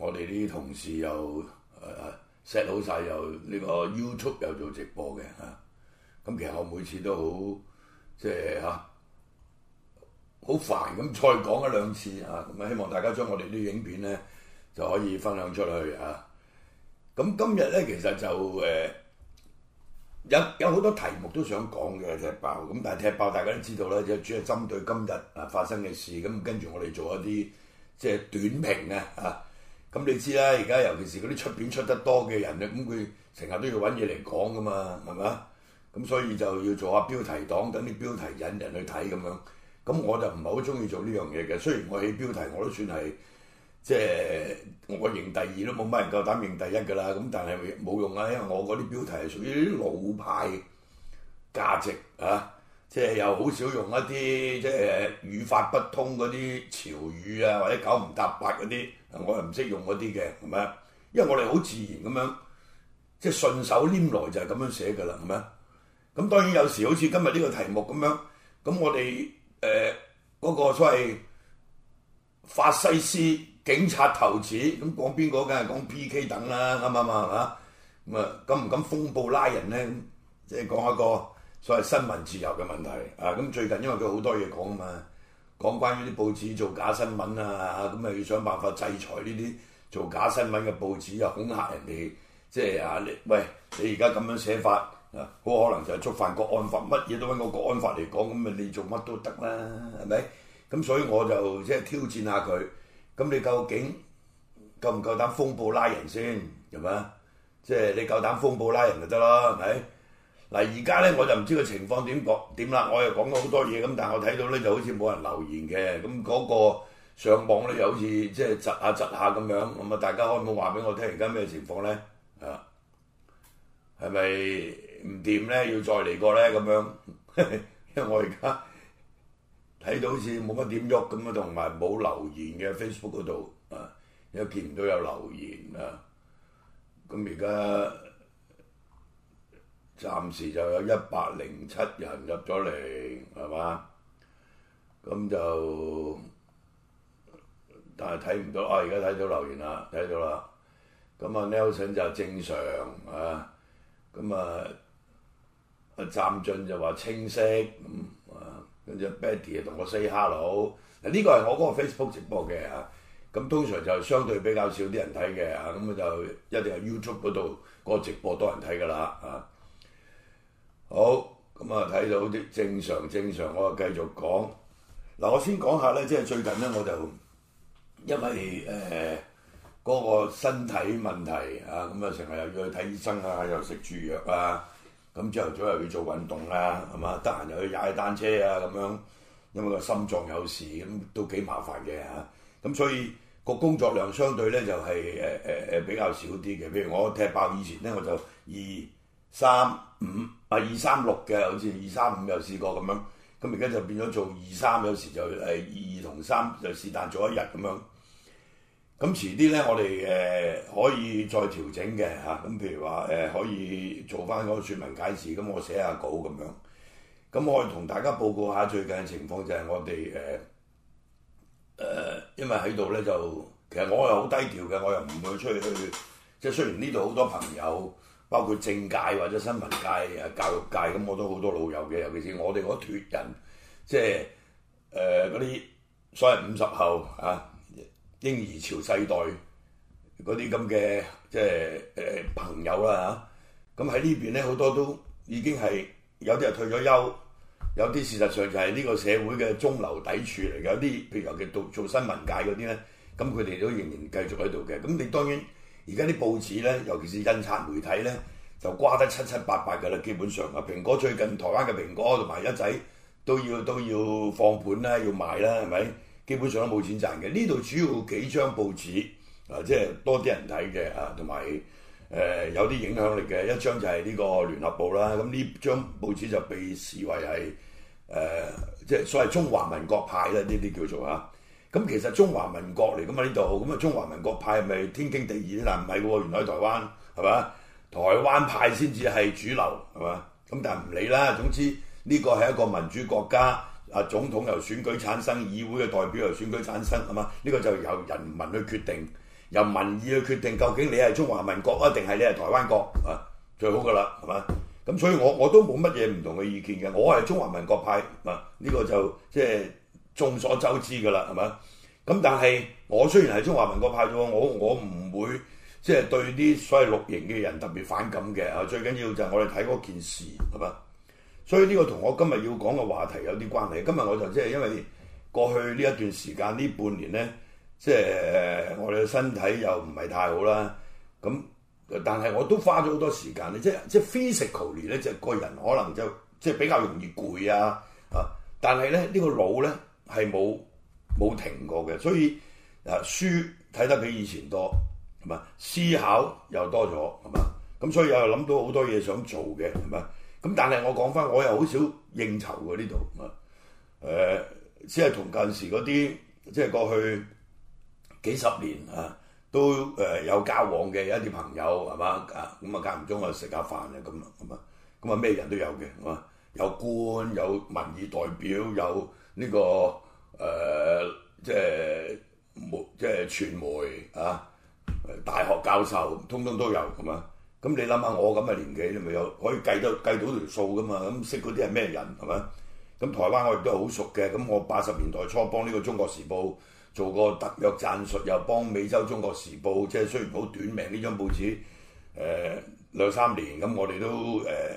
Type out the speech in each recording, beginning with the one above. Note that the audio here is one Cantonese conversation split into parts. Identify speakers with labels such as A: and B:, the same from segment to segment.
A: 我哋啲同事又 set、呃、好晒，又呢個 YouTube 又做直播嘅嚇。咁、啊、其實我每次都好即係嚇，好煩咁再講一兩次啊！咁希望大家將我哋啲影片咧就可以分享出去啊。咁、啊、今日咧其實就誒、呃、有有好多題目都想講嘅踢爆，咁但係踢爆大家都知道啦、就係，即係主要針對今日啊發生嘅事，咁跟住我哋做一啲即係短評啊嚇。咁你知啦，而家尤其是嗰啲出片出得多嘅人咧，咁佢成日都要揾嘢嚟講噶嘛，係咪啊？咁所以就要做下標題黨，等啲標題引人去睇咁樣。咁我就唔係好鍾意做呢樣嘢嘅，雖然我起標題我都算係，即係我認第二都冇乜人夠膽認第一㗎啦。咁但係冇用啊，因為我嗰啲標題係屬於啲老派價值啊。即係又好少用一啲即係語法不通嗰啲潮語啊，或者九唔搭八嗰啲，我係唔識用嗰啲嘅，係咪？因為我哋好自然咁樣，即係順手拈來就係咁樣寫嘅啦，係咪？咁當然有時好似今日呢個題目咁樣，咁我哋誒嗰個所謂法西斯警察頭子咁講邊個梗係講 P.K. 等啦，啱唔啱啊？咁啊，敢唔敢封報拉人咧？即係講一個。所謂新聞自由嘅問題啊，咁最近因為佢好多嘢講啊嘛，講關於啲報紙做假新聞啊，咁啊要想辦法制裁呢啲做假新聞嘅報紙啊，又恐嚇人哋，即係啊你喂，你而家咁樣寫法啊，好可能就係觸犯國安法。乜嘢都揾個國安法嚟講，咁咪你做乜都得啦，係咪？咁所以我就即係挑戰下佢，咁你究竟夠唔夠膽封報拉人先，係咪？即係你夠膽封報拉人就得啦，係咪？嗱，而家咧，我就唔知個情況點講點啦，我又講咗好多嘢咁，但係我睇到咧就好似冇人留言嘅，咁嗰個上網咧又好似即係窒下窒下咁樣，咁啊大家可唔可以話俾我聽而家咩情況咧？啊，係咪唔掂咧？要再嚟過咧咁樣 有有？因為我而家睇到好似冇乜點喐咁啊，同埋冇留言嘅 Facebook 嗰度啊，又見唔到有留言啊，咁而家。暫時就有一百零七人入咗嚟，係嘛？咁就但係睇唔到啊！而家睇到留言啦，睇到啦。咁啊，Nelson 就正常啊。咁啊啊，湛俊就話清晰、嗯、啊。跟住 Betty 同我 say hello。嗱，呢個係我嗰個 Facebook 直播嘅啊。咁通常就相對比較少啲人睇嘅啊。咁就一定係 YouTube 嗰度個直播多人睇㗎啦啊。好咁啊！睇到啲正常正常，我就繼續講。嗱，我先講下咧，即係最近咧，我就因為誒嗰、呃那個身體問題啊，咁啊成日又要去睇醫生啊，又食住藥啊，咁朝頭早又要做運動啊，係、嗯、嘛？得閒又去踩單車啊，咁樣因為個心臟有事，咁、嗯、都幾麻煩嘅嚇。咁、啊嗯、所以個工作量相對咧就係誒誒誒比較少啲嘅。譬如我踢爆以前咧，我就二三五。啊，二三六嘅，好似二三五又試過咁樣，咁而家就變咗做二三，有時就誒二二同三，就是但做一日咁樣。咁遲啲咧，我哋誒可以再調整嘅嚇。咁譬如話誒，可以做翻嗰個説明解釋，咁我寫下稿咁樣。咁我同大家報告下最近嘅情況就，就係我哋誒誒，因為喺度咧就，其實我又好低調嘅，我又唔會出去去，即係雖然呢度好多朋友。包括政界或者新聞界啊、教育界，咁我都好多老友嘅。尤其是我哋嗰脱人，即係誒嗰啲，呃、所謂五十後啊、嬰兒潮世代嗰啲咁嘅，即係誒朋友啦嚇。咁、啊、喺呢邊咧，好多都已經係有啲人退咗休，有啲事實上就係呢個社會嘅中流砥柱嚟。有啲譬如尤其做做新聞界嗰啲咧，咁佢哋都仍然繼續喺度嘅。咁你當然。而家啲報紙咧，尤其是印刷媒體咧，就瓜得七七八八噶啦，基本上啊，蘋果最近台灣嘅蘋果同埋一仔都要都要放盤啦，要賣啦，係咪？基本上都冇錢賺嘅。呢度主要幾張報紙啊，即係多啲人睇嘅啊，同埋誒有啲、呃、影響力嘅一張就係呢個聯合報啦。咁、啊、呢張報紙就被視為係誒、啊、即係所謂中華民國派啦，呢啲叫做嚇。咁其實中華民國嚟噶嘛呢度，咁啊中華民國派係咪天經地義嗱，唔係喎，原來喺台灣，係嘛？台灣派先至係主流，係嘛？咁但係唔理啦。總之呢個係一個民主國家，啊總統由選舉產生，議會嘅代表由選舉產生，係嘛？呢個就由人民去決定，由民意去決定，究竟你係中華民國啊，定係你係台灣國啊？最好噶啦，係嘛？咁所以我我都冇乜嘢唔同嘅意見嘅，我係中華民國派，啊呢個就即係。眾所周知㗎啦，係咪？咁但係我雖然係中華民國派咗我，我唔會即係對啲所謂綠營嘅人特別反感嘅。啊，最緊要就係我哋睇嗰件事係嘛。所以呢個同我今日要講嘅話題有啲關係。今日我就即係因為過去呢一段時間呢半年咧，即係我哋嘅身體又唔係太好啦。咁但係我都花咗好多時間咧，即係即係 physically 咧就個人可能就即係比較容易攰啊。啊，但係咧呢個腦咧。係冇冇停過嘅，所以啊，書睇得比以前多，係嘛？思考又多咗，係嘛？咁所以又諗到好多嘢想做嘅，係嘛？咁但係我講翻，我又好少應酬嘅呢度。啊誒，只係同近時嗰啲即係過去幾十年啊，都誒、呃、有交往嘅一啲朋友係嘛？啊，咁啊間唔中我食下飯啊，咁啊，咁啊咩人都有嘅，係嘛？有官、有民意代表、有。呢、這個誒、呃、即係媒即係傳媒啊！大學教授通通都有咁啊！咁你諗下我咁嘅年紀，咪有可以計，得計得到計到條數㗎嘛？咁、嗯、識嗰啲係咩人係嘛？咁台灣我亦都係好熟嘅。咁我八十年代初幫呢個《中國時報》做過特約撰述，又幫《美洲中國時報》，即係雖然好短命呢張報紙誒兩三年。咁我哋都誒、呃、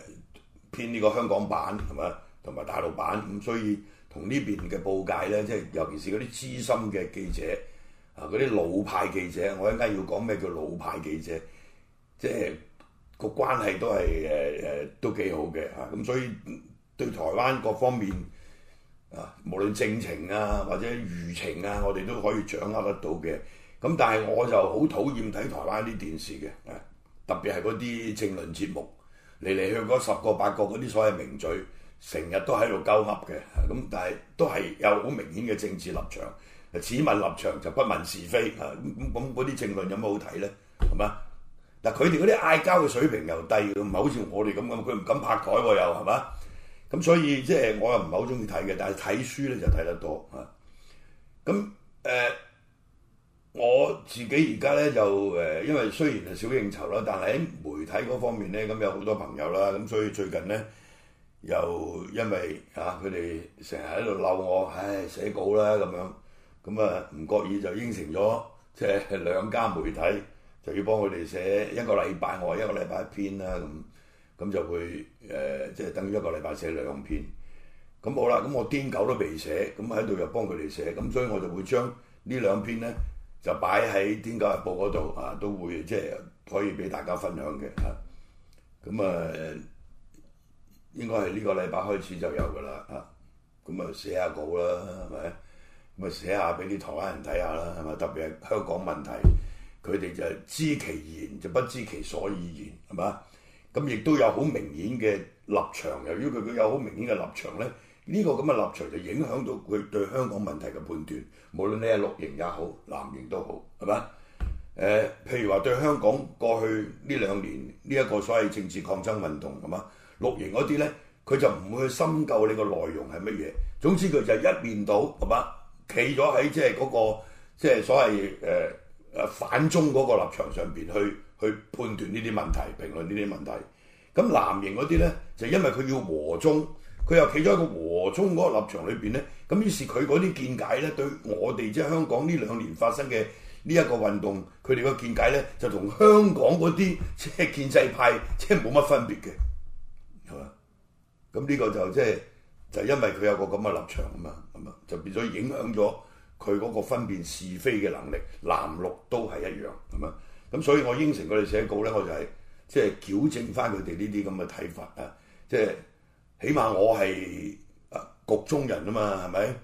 A: 編呢個香港版係嘛，同埋大陸版咁，所以。同呢邊嘅報界咧，即係尤其是嗰啲資深嘅記者啊，嗰啲老派記者，我一陣間要講咩叫老派記者，即係個關係都係誒誒都幾好嘅嚇，咁所以對台灣各方面啊，無論政情啊或者輿情啊，我哋都可以掌握得到嘅。咁但係我就好討厭睇台灣啲電視嘅，誒特別係嗰啲政論節目，嚟嚟去去，十個八個嗰啲所謂名嘴，成日都喺度鳩噏嘅，咁但係都係有好明顯嘅政治立場。此問立場就不問是非，啊咁咁嗰啲政論有冇好睇咧？係嘛？嗱，佢哋嗰啲嗌交嘅水平又低，唔係好似我哋咁嘅，佢唔敢拍台喎又係嘛？咁所以即係、就是、我又唔係好中意睇嘅，但係睇書咧就睇得多啊。咁誒、呃，我自己而家咧就誒、呃，因為雖然係少應酬啦，但係喺媒體嗰方面咧，咁有好多朋友啦，咁所以最近咧。又因為啊佢哋成日喺度鬧我，唉寫稿啦咁樣，咁啊唔覺意就應承咗，即係兩家媒體就要幫佢哋寫一個禮拜，我話一個禮拜一篇啦咁，咁就會誒即係等於一個禮拜寫兩篇，咁好啦，咁我癲狗都未寫，咁喺度又幫佢哋寫，咁所以我就會將呢兩篇咧就擺喺癲狗日報嗰度啊，都會即係可以俾大家分享嘅嚇，咁啊～應該係呢個禮拜開始就有㗎啦，啊，咁啊寫下稿啦，係咪？咁啊寫下俾啲台灣人睇下啦，係咪？特別係香港問題，佢哋就係知其然，就不知其所以然。係咪？咁亦都有好明顯嘅立場，由於佢佢有好明顯嘅立場咧，呢個咁嘅立場就影響到佢對香港問題嘅判斷，無論你係綠營也好、藍營都好，係咪啊？誒，譬如話對香港過去呢兩年呢一個所謂政治抗爭運動咁啊。綠營嗰啲咧，佢就唔會去深究你個內容係乜嘢。總之佢就一面倒，係嘛，企咗喺即係嗰個即係、就是、所謂誒誒、呃、反中嗰個立場上邊去去判斷呢啲問題、評論呢啲問題。咁藍營嗰啲咧，就因為佢要和中，佢又企咗喺個和中嗰個立場裏邊咧，咁於是佢嗰啲見解咧，對我哋即係香港呢兩年發生嘅呢一個運動，佢哋嘅見解咧，就同香港嗰啲即係建制派即係冇乜分別嘅。咁呢個就即係就因為佢有個咁嘅立場啊嘛，咁啊就變咗影響咗佢嗰個分辨是非嘅能力，藍綠都係一樣咁啊。咁所以我應承佢哋寫稿咧，我就係即係矯正翻佢哋呢啲咁嘅睇法啊，即係起碼我係，呃，局中人啊嘛，係咪？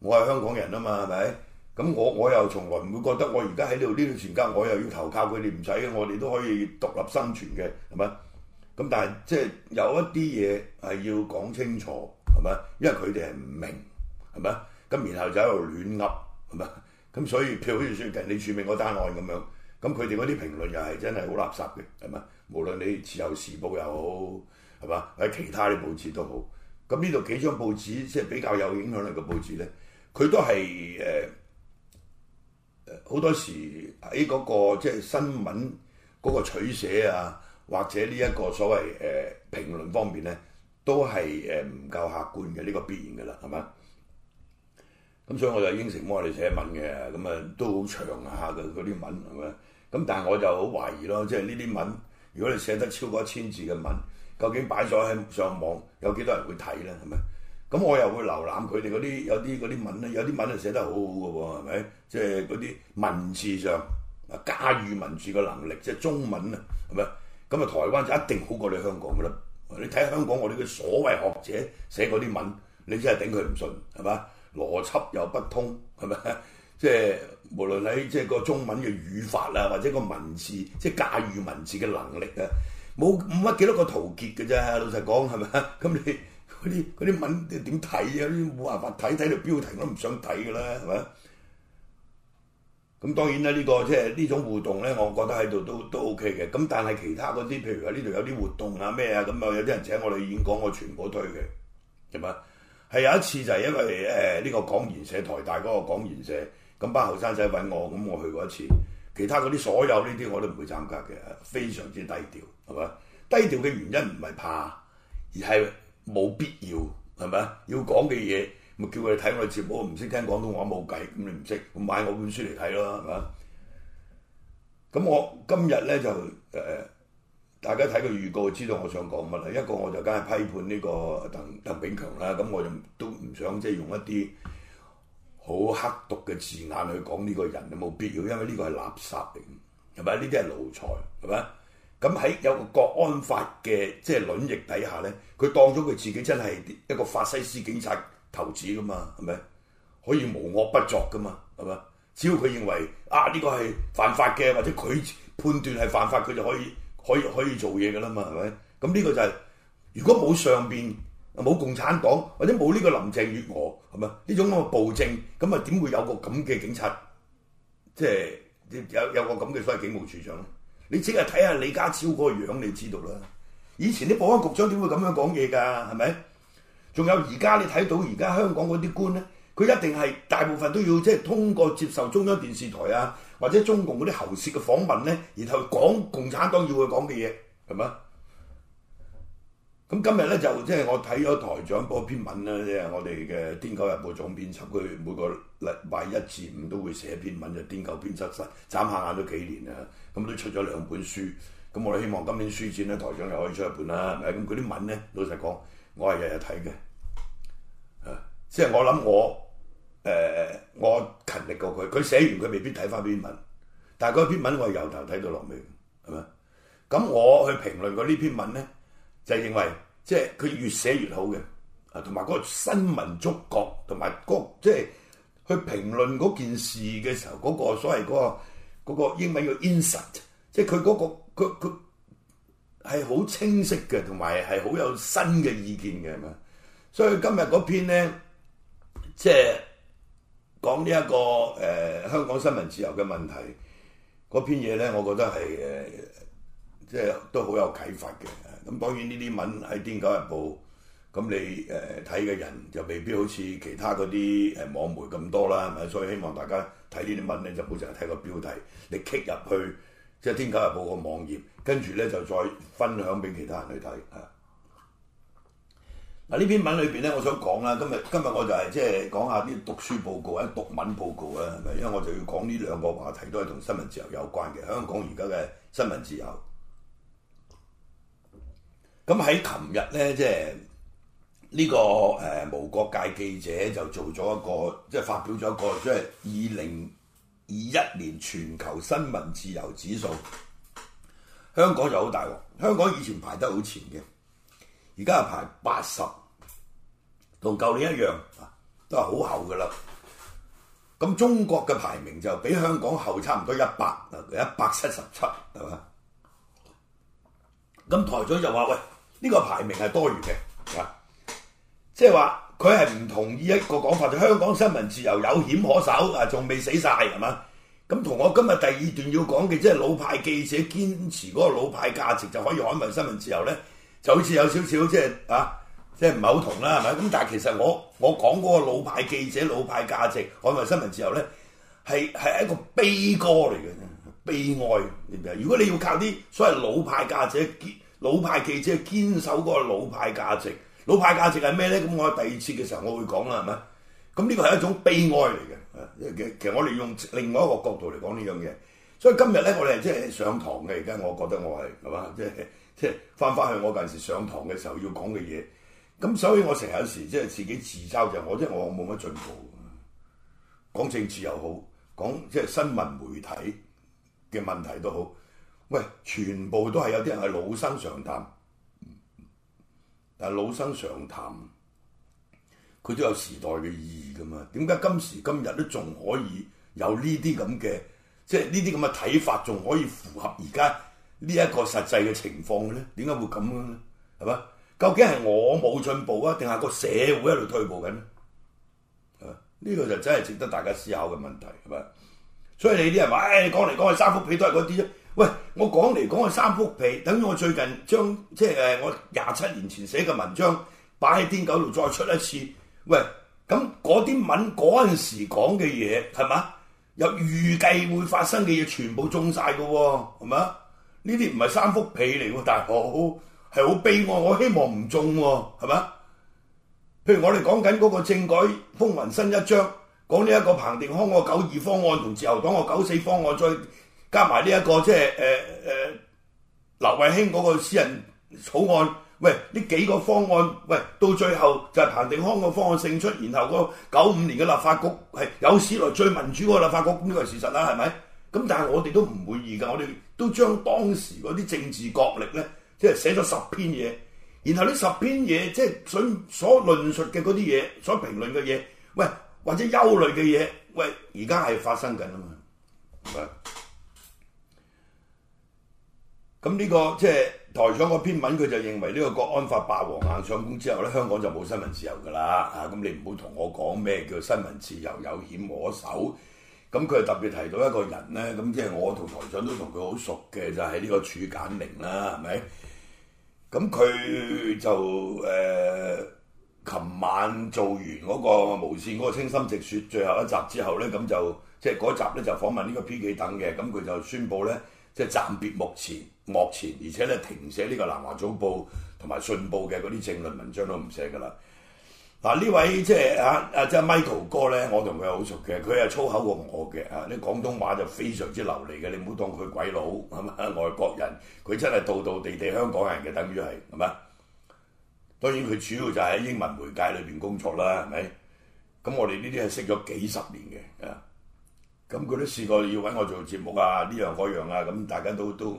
A: 我係香港人啊嘛，係咪？咁我我又從來唔會覺得我而家喺度呢段時間我又要投靠佢哋，唔使嘅，我哋都可以獨立生存嘅，係咪？咁但係即係有一啲嘢係要講清楚，係咪？因為佢哋係唔明，係咪？咁然後就喺度亂噏，係咪？咁所以譬如好似你署名嗰單案咁樣，咁佢哋嗰啲評論又係真係好垃圾嘅，係咪？無論你自由時報又好，係嘛？或其他啲報紙都好，咁呢度幾張報紙即係比較有影響力嘅報紙咧，佢都係誒誒好多時喺嗰個即係新聞嗰個取捨啊。或者呢一個所謂誒、呃、評論方面咧，都係誒唔夠客觀嘅呢、這個必然㗎喇，係嘛？咁、嗯、所以我就應承幫我哋寫文嘅咁啊，都好長下嘅嗰啲文係咪？咁、嗯、但係我就好懷疑咯，即係呢啲文，如果你寫得超過一千字嘅文，究竟擺咗喺上網有幾多人會睇咧？係咪？咁、嗯、我又會瀏覽佢哋嗰啲有啲啲文咧，有啲文啊寫得好好嘅喎，係咪？即係嗰啲文字上啊，駕馭文字嘅能力，即係中文啊，係咪？咁啊，台灣就一定好過你香港噶啦！你睇香港我哋嘅所謂學者寫嗰啲文，你真係頂佢唔順，係嘛？邏輯又不通，係咪？即係無論你，即係個中文嘅語法啊，或者個文字，即係駕馭文字嘅能力啊，冇冇乜幾多個圖結嘅啫。老實講係咪？咁你嗰啲啲文你點睇啊？你冇辦法睇，睇到標題我都唔想睇㗎啦，係咪？咁當然啦，呢個即係呢種互動咧，我覺得喺度都都 O K 嘅。咁但係其他嗰啲，譬如話呢度有啲活動啊咩啊，咁啊有啲人請我嚟演講，我全部推嘅，係咪？係有一次就係因為誒呢個港研社台大嗰個港研社，咁班後生仔揾我，咁我去過一次。其他嗰啲所有呢啲我都唔會參加嘅，非常之低調，係咪？低調嘅原因唔係怕，而係冇必要，係咪？要講嘅嘢。咪叫佢哋睇我嘅節目，唔識聽廣東話冇計，咁你唔識，咁買我本書嚟睇啦，係嘛？咁我今日咧就，誒、呃，大家睇個預告就知道我想講乜啦。一個我就梗係批判呢個鄧鄧炳強啦，咁我就都唔想即係用一啲好刻毒嘅字眼去講呢個人，冇必要，因為呢個係垃圾嚟，係咪？呢啲係奴才，係咪？咁喺有個國安法嘅即係輪翼底下咧，佢當咗佢自己真係一個法西斯警察，投資噶嘛，係咪？可以無惡不作噶嘛，係咪？只要佢認為啊，呢個係犯法嘅，或者佢判斷係犯法，佢就可以可以可以做嘢噶啦嘛，係咪？咁呢個就係如果冇上邊冇共產黨或者冇呢個林鄭月娥，係咪呢種咁嘅暴政？咁啊點會有個咁嘅警察？即係有有個咁嘅所謂警務處長咧？你即係睇下李家超個樣，你知道啦。以前啲保安局長點會咁樣講嘢㗎？係咪？仲有而家你睇到而家香港嗰啲官咧，佢一定係大部分都要即係通過接受中央電視台啊，或者中共嗰啲喉舌嘅訪問咧，然後講共產黨要佢講嘅嘢，係嘛？咁今日咧就即係我睇咗台長嗰篇文啦，即係我哋嘅《癲狗日報》總編輯，佢每個禮拜一至五都會寫一篇文，就《癲狗編輯室》，眨下眼都幾年啊，咁都出咗兩本書，咁我哋希望今年書展咧，台長又可以出一本啦，係咪？咁嗰啲文咧，老實講。我係日日睇嘅，啊，即係我諗我誒、呃，我勤力過佢。佢寫完佢未必睇翻篇文，但係嗰篇文我係由頭睇到落尾，係咪？咁我去評論過呢篇文咧，就係、認為即係佢越寫越好嘅，啊，同埋嗰個新聞觸覺，同埋、嗰個、即係去評論嗰件事嘅時候嗰、嗰個所謂嗰、嗰個嗰個英文叫 incident 即係佢嗰個佢佢。係好清晰嘅，同埋係好有新嘅意見嘅，咁啊！所以今日嗰篇咧，即係講呢、這、一個誒、呃、香港新聞自由嘅問題嗰篇嘢咧，我覺得係誒、呃、即係都好有啟發嘅。咁當然呢啲文喺《癲狗日報》，咁你誒睇嘅人就未必好似其他嗰啲誒網媒咁多啦，咪所以希望大家睇呢啲文咧，就冇成日睇個標題，你揭入去。即係《癲狗日報》個網頁，跟住咧就再分享俾其他人去睇。啊，嗱呢篇文裏邊咧，我想講啦，今日今日我就係、是、即係講下啲讀書報告或者讀文報告啊，係咪？因為我就要講呢兩個話題都係同新聞自由有關嘅。香港而家嘅新聞自由，咁喺琴日咧，即係呢、這個誒、呃、無國界記者就做咗一個，即係發表咗一個，即係二零。二一年全球新聞自由指數，香港就好大鑊。香港以前排得好前嘅，而家係排八十，同舊年一樣，都係好後㗎喇。咁中國嘅排名就比香港後差唔多一百啊，一百七十七，係咪？咁台長就話，喂，呢個排名係多餘嘅，即係話。就是佢係唔同意一個講法，就香港新聞自由有險可守啊，仲未死晒。係嘛？咁同我今日第二段要講嘅，即係老派記者堅持嗰個老派價值就可以捍衛新聞自由呢，就好似有少少即係啊，即係唔係好同啦，係咪？咁但係其實我我講嗰個老派記者老派價值捍衛新聞自由呢，係係一個悲歌嚟嘅，悲哀，係咪？如果你要靠啲所謂老派價值堅老派記者堅守嗰個老派價值。老派價值係咩咧？咁我第二次嘅時候，我會講啦，係咪？咁呢個係一種悲哀嚟嘅。其實我哋用另外一個角度嚟講呢樣嘢，所以今日咧，我哋係即係上堂嘅。而家我覺得我係係嘛，即係即係翻返去我嗰陣時上堂嘅時候要講嘅嘢。咁所以我成日時即係、就是、自己自嘲就我，即、就、係、是、我冇乜進步。講政治又好，講即係、就是、新聞媒體嘅問題都好，喂，全部都係有啲人係老生常談。啊，老生常談，佢都有時代嘅意義噶嘛？點解今時今日都仲可以有呢啲咁嘅，即係呢啲咁嘅睇法，仲可以符合而家呢一個實際嘅情況嘅咧？點解會咁樣咧？係嘛？究竟係我冇進步啊，定係個社會喺度退步緊、啊、咧？係呢、呢個就真係值得大家思考嘅問題，係嘛？所以、哎、你啲人話誒，講嚟講去三幅被都係嗰啲啊。喂，我講嚟講去，三幅被，等於我最近將即係我廿七年前寫嘅文章擺喺癲狗度再出一次。喂，咁嗰啲文嗰陣時講嘅嘢係嘛？有預計會發生嘅嘢全部中晒㗎喎，係嘛？呢啲唔係三幅被嚟喎，但好係好悲哀。我希望唔中喎，係嘛？譬如我哋講緊嗰個政改風雲新一章，講呢一個彭定康個九二方案同自由黨個九四方案再，加埋呢一個即係誒誒劉慧卿嗰個私人草案，喂，呢幾個方案，喂，到最後就係彭定康個方案勝出，然後個九五年嘅立法局係有史來最民主嘅立法局，咁呢個係事實啦，係咪？咁但係我哋都唔會異噶，我哋都將當時嗰啲政治角力咧，即係寫咗十篇嘢，然後呢十篇嘢即係所所論述嘅嗰啲嘢，所評論嘅嘢，喂，或者憂慮嘅嘢，喂，而家係發生緊啊嘛係。咁呢、這個即係、就是、台長個篇文，佢就認為呢、這個《國安法》霸王硬上弓之後咧，香港就冇新聞自由噶啦嚇。咁、啊、你唔好同我講咩叫新聞自由有險可守。咁佢就特別提到一個人咧，咁即係我同台長都同佢好熟嘅，就係、是、呢個褚簡寧啦，係咪？咁佢就誒琴、呃、晚做完嗰個無線嗰個《清心直說》最後一集之後咧，咁就即係嗰集咧就訪問呢個 P 幾等嘅，咁佢就宣布咧即係暫別幕前。幕前，而且咧停寫呢個《南華早報》同埋《信報》嘅嗰啲政論文章都唔寫噶啦。嗱、啊啊、呢位即係啊啊即係 Michael 哥咧，我同佢好熟嘅，佢係粗口過我嘅啊！啲廣東話就非常之流利嘅，你唔好當佢鬼佬係嘛？ 外國人佢真係道道地地香港人嘅，等於係係咪？ 當然佢主要就喺英文媒介裏邊工作啦，係咪？咁我哋呢啲係識咗幾十年嘅啊！咁佢都試過要揾我做節目啊，呢樣嗰樣啊，咁大家都都。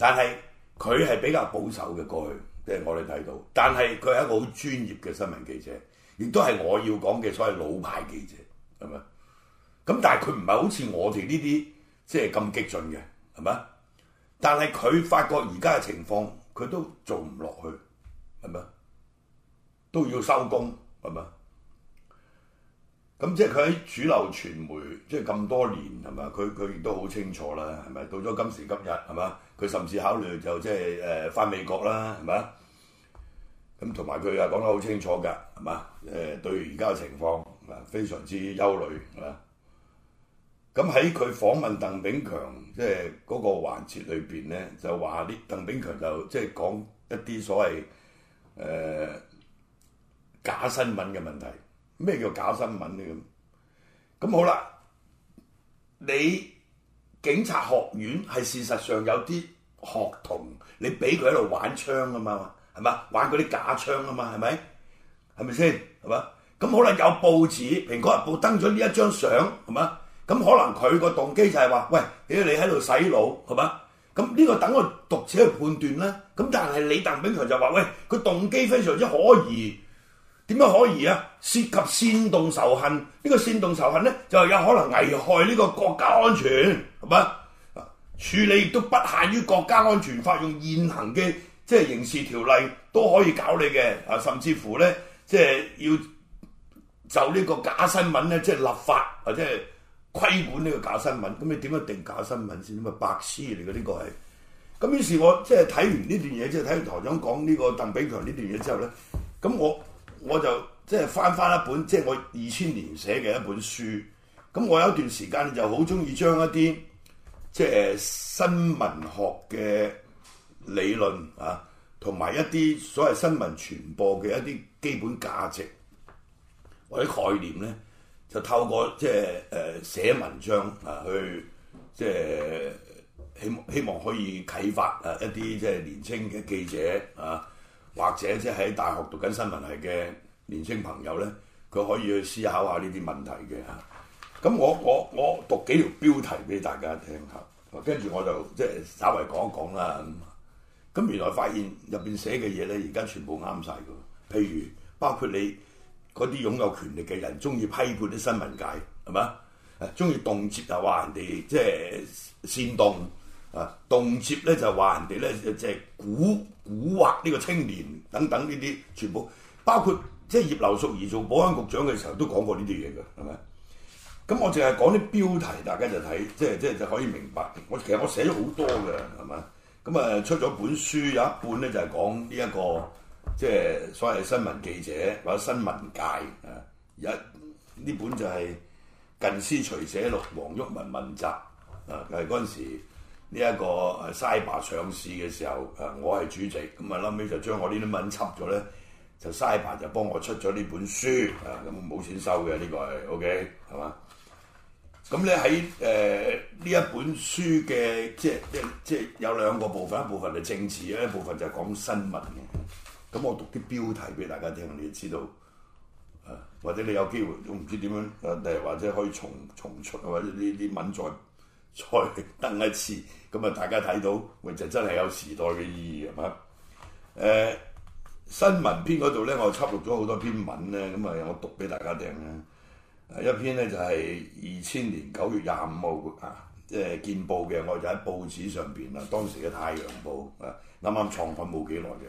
A: 但係佢係比較保守嘅過去，即係我哋睇到。但係佢係一個好專業嘅新聞記者，亦都係我要講嘅所謂老牌記者，係咪？咁但係佢唔係好似我哋呢啲即係咁激進嘅，係咪？但係佢發覺而家嘅情況，佢都做唔落去，係咪？都要收工，係咪？咁即係佢喺主流傳媒即係咁多年係嘛，佢佢亦都好清楚啦，係咪？到咗今時今日係嘛，佢甚至考慮就即係誒返美國啦，係嘛？咁同埋佢又講得好清楚㗎，係嘛？誒、呃、對而家嘅情況啊，非常之憂慮啊！咁喺佢訪問鄧炳強即係嗰個環節裏邊咧，就話啲鄧炳強就即係講一啲所謂誒、呃、假新聞嘅問題。咩叫假新聞咧？咁咁好啦，你警察學院係事實上有啲學童，你俾佢喺度玩槍啊嘛，係嘛？玩嗰啲假槍啊嘛，係咪？係咪先？係嘛？咁好啦，有報紙《蘋果日報》登咗呢一張相，係嘛？咁可能佢個動機就係話：喂，你你喺度洗腦，係嘛？咁呢個等個讀者去判斷啦。咁但係李鄧炳強就話：喂，佢動機非常之可疑。點樣可以啊？涉及煽動仇恨，呢個煽動仇恨咧就係有可能危害呢個國家安全，係咪？處理亦都不限於國家安全法，用現行嘅即係刑事條例都可以搞你嘅。啊，甚至乎咧，即係要就呢個假新聞咧，即係立法或者規管呢個假新聞。咁你點樣定假新聞先？咁啊，白痴嚟嘅呢個係。咁於是我即係睇完呢段嘢即係，睇完台長講呢個鄧炳強呢段嘢之後咧，咁我。我就即係翻翻一本即係、就是，我二千年寫嘅一本書，咁我有一段時間就好鍾意將一啲即係新聞學嘅理論啊，同埋一啲所謂新聞傳播嘅一啲基本價值或者概念咧，就透過即係誒、呃、寫文章啊，去即係希望希望可以啟發啊一啲即係年輕嘅記者啊。或者即係喺大學讀緊新聞系嘅年青朋友咧，佢可以去思考下呢啲問題嘅嚇。咁我我我讀幾條標題俾大家聽下，跟住我就即係稍微講一講啦。咁原來發現入邊寫嘅嘢咧，而家全部啱晒㗎。譬如包括你嗰啲擁有權力嘅人，中意批判啲新聞界係嘛？誒，中意動輒呀，話人哋即係煽動。啊！動輒咧就話人哋咧，即係蠱蠱惑呢個青年等等呢啲，全部包括即係葉劉淑儀做保安局長嘅時候都講過呢啲嘢嘅，係咪？咁我淨係講啲標題，大家就睇，即係即係就可以明白。我其實我寫咗好多嘅，係咪？咁啊出咗本書，有一半咧就係講呢一個即係所謂新聞記者或者新聞界啊，有一呢本就係《近思隨寫錄》黃毓民文集啊，係嗰陣時。呢一個 Siber 上市嘅時候，誒我係主席，咁啊後屘就將我呢啲文輯咗咧，就 Siber 就幫我出咗呢本書，啊咁冇錢收嘅呢、這個係 OK 係嘛？咁咧喺誒呢一本書嘅即係即即係有兩個部分，一部分係政治嘅，一部分就係講新聞嘅。咁我讀啲標題俾大家聽，你就知道，啊或者你有機會都唔知點樣誒，或者可以重重出或者呢啲文再。再登一次，咁啊大家睇到，咪就真係有時代嘅意義啊嘛。誒、呃、新聞篇嗰度咧，我輯錄咗好多篇文咧，咁啊我讀俾大家聽咧。一篇咧就係二千年九月廿五號啊，即係見報嘅，我就喺報紙上邊啊，當時嘅《太陽報》啊，啱啱創刊冇幾耐嘅。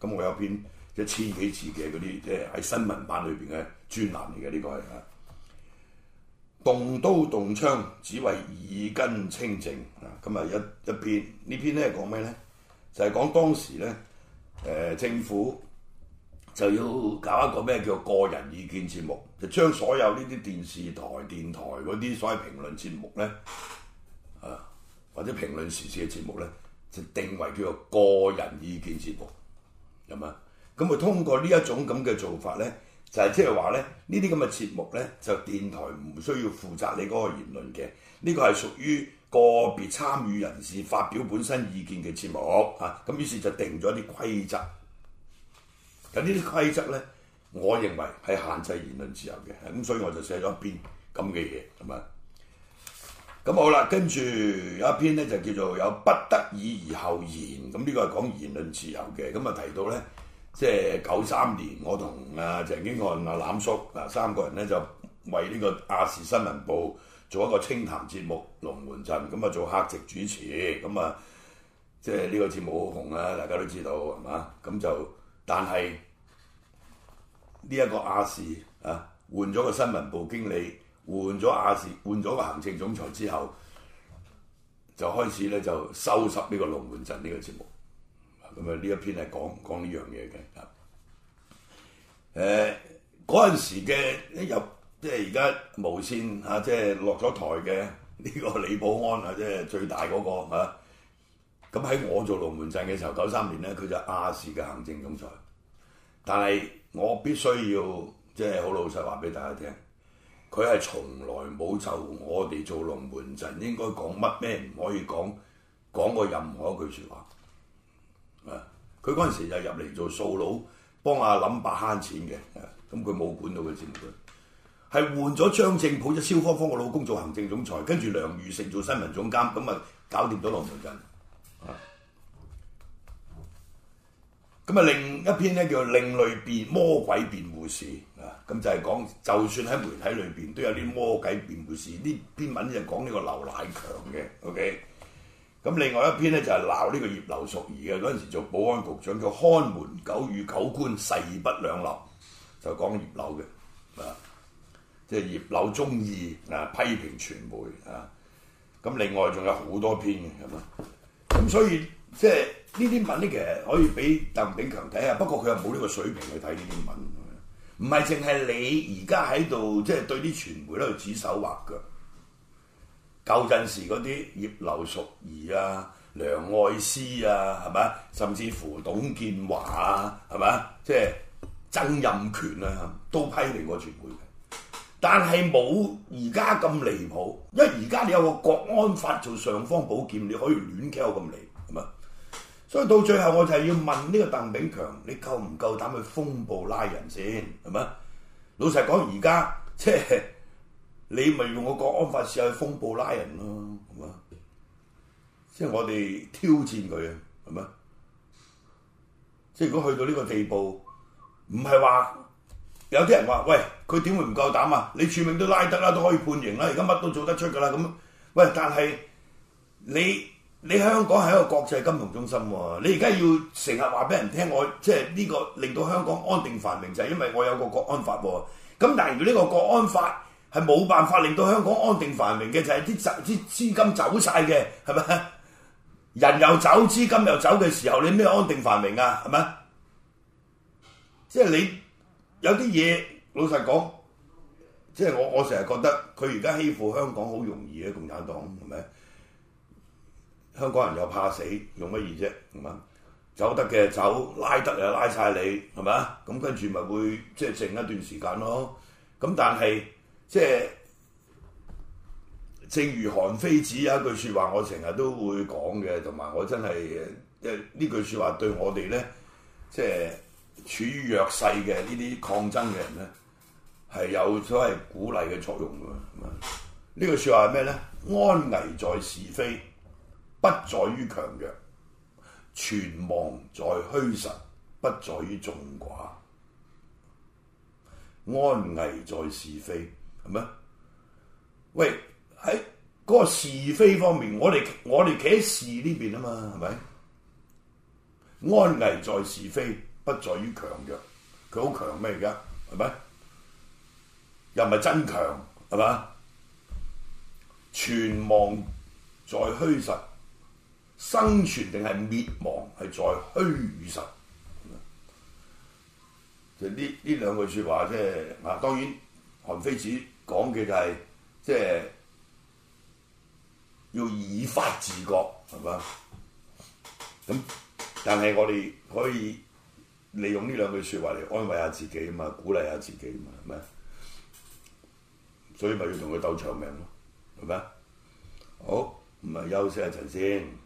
A: 咁我有一篇一千幾字嘅嗰啲，即係喺新聞版裏邊嘅專欄嚟嘅，呢、呢個係啊。動刀動槍只為耳根清淨啊！咁啊一一篇呢篇咧講咩咧？就係、是、講當時咧，誒、呃、政府就要搞一個咩叫個人意見節目，就將所有呢啲電視台、電台嗰啲所謂評論節目咧，啊或者評論時事嘅節目咧，就定為叫做個人意見節目，有冇？咁啊通過呢一種咁嘅做法咧？就係即係話咧，呢啲咁嘅節目咧，就電台唔需要負責你嗰個言論嘅。呢個係屬於個別參與人士發表本身意見嘅節目。嚇、啊，咁於是就定咗啲規則。咁呢啲規則咧，我認為係限制言論自由嘅。咁所以我就寫咗一篇咁嘅嘢咁啊。咁好啦，跟住有一篇咧就叫做有不得已而後言。咁呢個係講言論自由嘅。咁啊提到咧。即係九三年，我同阿鄭經翰、阿濛叔嗱三個人咧，就為呢個亞視新聞部做一個清談節目《龍門陣》。咁啊，做客席主持，咁啊，即係呢個節目好紅啦、啊，大家都知道係嘛？咁就，但係呢一個亞視啊，換咗個新聞部經理，換咗亞視，換咗個行政總裁之後，就開始咧就收拾呢個《龍門陣》呢個節目。咁、呃、啊！呢一篇係講講呢樣嘢嘅，誒嗰陣時嘅一入即係而家無線嚇，即係落咗台嘅呢個李寶安啊，即係最大嗰個咁喺、啊、我做龍門陣嘅時候，九三年咧，佢就亞視嘅行政總裁。但係我必須要即係好老實話俾大家聽，佢係從來冇就我哋做龍門陣應該講乜咩唔可以講講過任何一句説話。佢嗰陣時就入嚟做數佬，幫阿林伯慳錢嘅，咁佢冇管到佢政府，係換咗張正普，一蕭芳芳個老公做行政總裁，跟住梁宇成做新聞總監，咁啊搞掂咗羅文人。咁啊另一篇咧叫另類辯魔鬼辯護士，咁、啊、就係、是、講就算喺媒體裏邊都有啲魔鬼辯護士，呢篇文就講呢個劉乃強嘅，OK。咁另外一篇咧就係鬧呢個葉劉淑儀嘅，嗰陣時做保安局長叫看門狗與狗官勢不兩立，就講葉劉嘅，啊，即係葉劉中意啊批評傳媒啊，咁另外仲有好多篇嘅係嘛，咁所以即係呢啲文咧其實可以俾鄧炳強睇下，不過佢又冇呢個水平去睇呢啲文，唔係淨係你而家喺度即係對啲傳媒喺度指手畫腳。舊陣時嗰啲葉劉淑儀啊、梁愛詩啊，係咪？甚至乎董建華啊，係嘛？即係曾蔭權啊，都批評過傳媒嘅。但係冇而家咁離譜，因為而家你有個國安法做尚方寶劍，你可以亂 call 咁嚟，係嘛？所以到最後我就係要問呢個鄧炳強，你夠唔夠膽去封報拉人先，係嘛？老實講，而家即係。你咪用個國安法試下去封報拉人咯，係嘛？即係我哋挑戰佢啊，係嘛？即係如果去到呢個地步，唔係話有啲人話：，喂，佢點會唔夠膽啊？你全民都拉得啦，都可以判刑啦，而家乜都做得出噶啦。咁，喂，但係你你香港係一個國際金融中心喎，你而家要成日話俾人聽，我即係呢個令到香港安定繁榮，就係因為我有個國安法喎。咁但係如果呢個國安法，係冇辦法令到香港安定繁榮嘅，就係啲啲資金走晒嘅，係咪？人又走，資金又走嘅時候，你咩安定繁榮啊？係咪？即係你有啲嘢，老實講，即係我我成日覺得佢而家欺負香港好容易嘅，共產黨係咪？香港人又怕死，用乜嘢啫？係嘛？走得嘅走，拉得又拉晒你，係咪啊？咁跟住咪會即係剩一段時間咯。咁但係。即係，正如韓非子有一句說話，我成日都會講嘅，同埋我真係，即係呢句說話對我哋咧，即係處於弱勢嘅呢啲抗爭嘅人咧，係有所謂鼓勵嘅作用嘅。呢句、這個、說話係咩咧？安危在是非，不在於強弱；存亡在虛實，不在於眾寡。安危在是非。係咪？喂，喺嗰個是非方面，我哋我哋企喺是呢邊啊嘛，係咪？安危在是非，不在於強弱。佢好強咩而家？係咪？又唔係真強？係嘛？存亡在虛實，生存定係滅亡係在虛與實。就呢、是、呢兩句說話啫。啊、即係，當然韓非子。講嘅就係即係要以法治國，係嘛？咁但係我哋可以利用呢兩句説話嚟安慰下自己嘛，鼓勵下自己嘛，係咪啊？所以咪要同佢鬥長命咯，係咪啊？好，唔係休息一陣先。